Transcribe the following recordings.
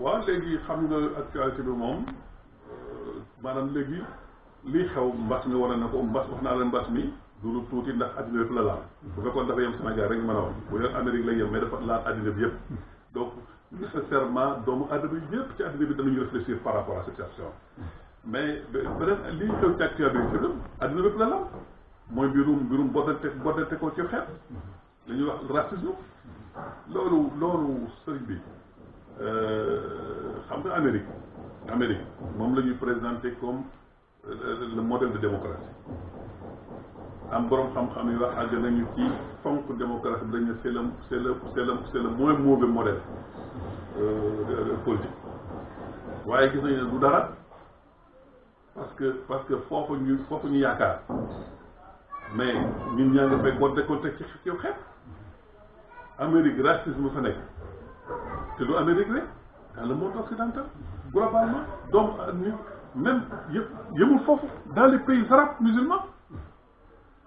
waaw léegi xam nga actualité bi moom euh, maanaam léegi lii xew mbas mi war na ko mbas wax naa la mbas mi du lu tuuti ndax addina yëpp la laal mm-hmm. bu fekkoon dafa yem Sénégal rek mën a wax bu leen Amérique lay yem mais dafa laal addina bi yëpp mm-hmm. donc nécessairement doomu addina yëpp ci addina bi danañu réfléchir par rapport à cette mm-hmm. mais peut-être lii xew ci actualité yëpp la laal mooy mbirum mbirum boddante boddante ko ci xeet li ñuy wax racisme loolu loolu sëriñ bi Euh, xam nga Amérique Amérique moom la ñuy présenté comme euh, le modèle de démocratie am borom xam-xam yi wax àgg nañu ci fonk démocratie bi dañ ne c'est le c'est le c'est le c'est euh, waaye gis nañu ne du dara parce que parce que foofu ñu foofu ñu yaakaar mais ñun ñaa nga fay ko décolleté ci xew xeet Amérique racisme fa nekk te lu Amérique rek dans le monde occidental globalement donc même yëpp yemul foofu dans les pays arabes musulmans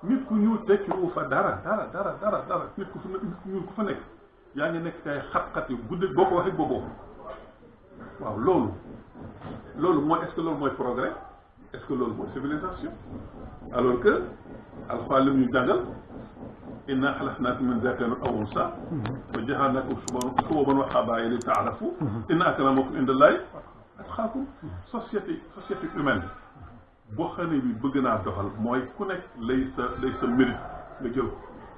nit ku ñuul tekkiwu fa dara dara dara dara dara nit ku fa nit ku fa nekk yaa ngi nekk ci ay xat-xat yu guddee boo ko waxee booboo waaw loolu loolu mooy est-ce loolu mooy progrès est-ce civilisation alors que alxuraan li mu ñu jàngal inna xalaqnaakum min zakarin aw unsaa wa ja'alnaakum shu'uuban wa qabaa'ila inna akramakum inda llaahi atqaakum société société humaine boo xam ne bi bëgg naa doxal mooy ku nekk lay sa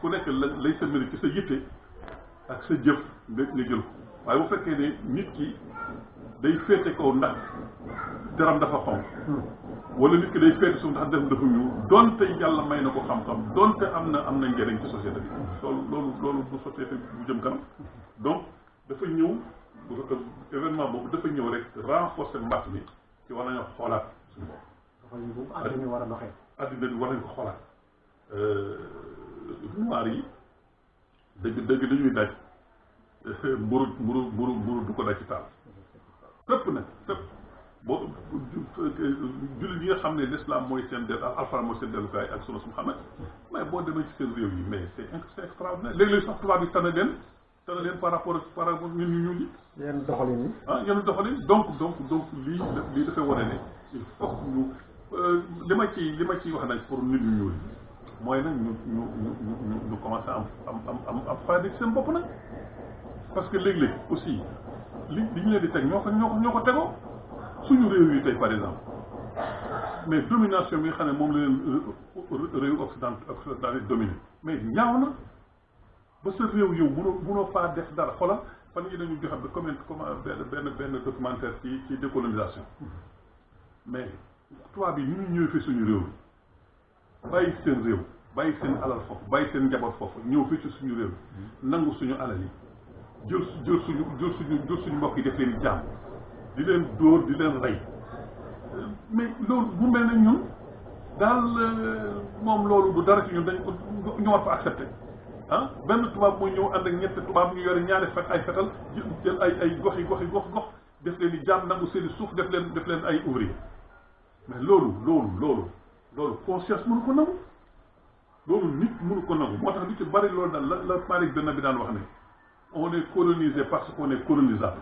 ku nekk lay sa mérite ci sa yitte ak sa jëf waaye bu fekkee ne nit ki day féete kaw ndax daram dafa wala nit ki day féete suuf ndax def dafa ñu donte yàlla may na ko xam-xam donte am na am na njëriñ ci société bi loolu loolu loolu bu société bu jëm kanam donc dafa ñëw événement boobu dafa ñëw rek renforcer mbàtt bi ci war nañoo xoolaat suñu bopp. war a doxee. addina bi war nañ euh, yi dëgg dëgg dañuy daj mburu mburu mburu du ko daj ci taal. tëpp nag tëpp. boo jullit yi nga xam ne l'islam mooy seen del alxuraan mooy seen dellukaay ak sunu Muhammad mais boo demee ci seen réew yi mais c'est c'est extraordinaire léeg-léeg sax tubaab yi tane leen tane leen par rapport par rapport ñun ñu ñun ñi yenn doxalin yi ah yenn doxalin donc donc donc lii lii dafay wane ne il faut ñu euh, li ma ci li ma ciy wax nag pour nit ñu ñuul mooy nag ñu ñu ñu ñu commencé am am am am fayda ci seen bopp nag parce que léeg aussi li li ñu leen di ko ñoo suñu réew yi tey par exemple mais domination bi nga xam ne moom la leen euh, réew occident occidentale dominé mais ñaaw na ba sa réew yow bu mënoo faa def dara xoolal fan yi dañu joxe ba comment comment benn benn documentaire ci ci décolonisation mais tubaab yi ñu ngi ñëw fi suñu réew mi bàyyi seen réew bàyyi seen alal foofu bàyyi seen njaboot foofu ñëw fi ci suñu réew hmm. nangu suñu alal yi jël jël suñu jël suñu jël suñu mbokk yi def leen jàmm di leen dóor di leen rey mais loolu bu mel ne ñun daal euh, moom loolu bu dara ci ñun dañ ko ñu war fa accepté ah benn tubaab mooy ñëw ànd ak ñetti tubaab ñu yore ñaari fet ay fetal jël ay ay gox yi gox yi gox gox def leen di jàmm nangu seen suuf def leen def leen ay ouvrier mais loolu loolu loolu loolu conscience mënu ko nangu loolu nit mënu ko nangu moo tax li ci bari lool daal la la Malick Benn bi daan wax ne on est parce que est colonisable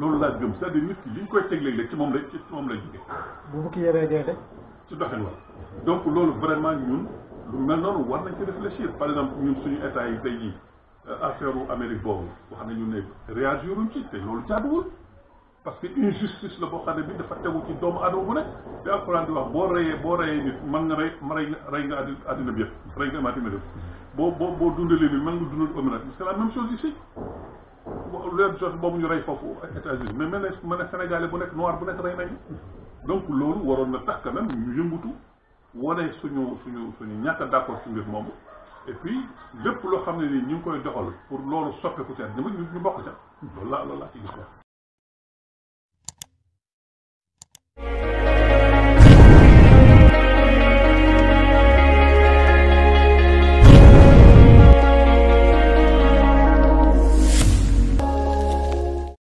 loolu laa gëm c'est-à-dire nit ki koy teg léeg-léeg ci moom la ci moom la jógee. bu bukki yëree dee de. ci doxin wala donc loolu vraiment ñun lu mel noonu war nañ ci réfléchir par exemple ñun suñu état yi tey jii euh, affaire u Amérique boobu wax nañu ne réagir wuñ ci te loolu jaaduwul parce que injustice la boo xam ne bi dafa tegu ci doomu adama bu nekk te alxuraan di wax boo reyee boo reyee nit mën nga rey rey nga rey nga addina bi yëpp rey nga boo boo boo dundalee bi leen sos boobu ñu rey foofu ak États-Unis mais mel ne mel ne sénégalais bu nekk noir bu nekk rey nañu donc loolu waroon na tax quand ñu yëngutu wane suñu suñu suñu ñàkk a d'accord ci mbir moom et puis lépp loo xam ne nii ñu ngi koy doxal pour loolu soppeeku seen ñu ñu bokk ca loolu laa loolu laa ci gis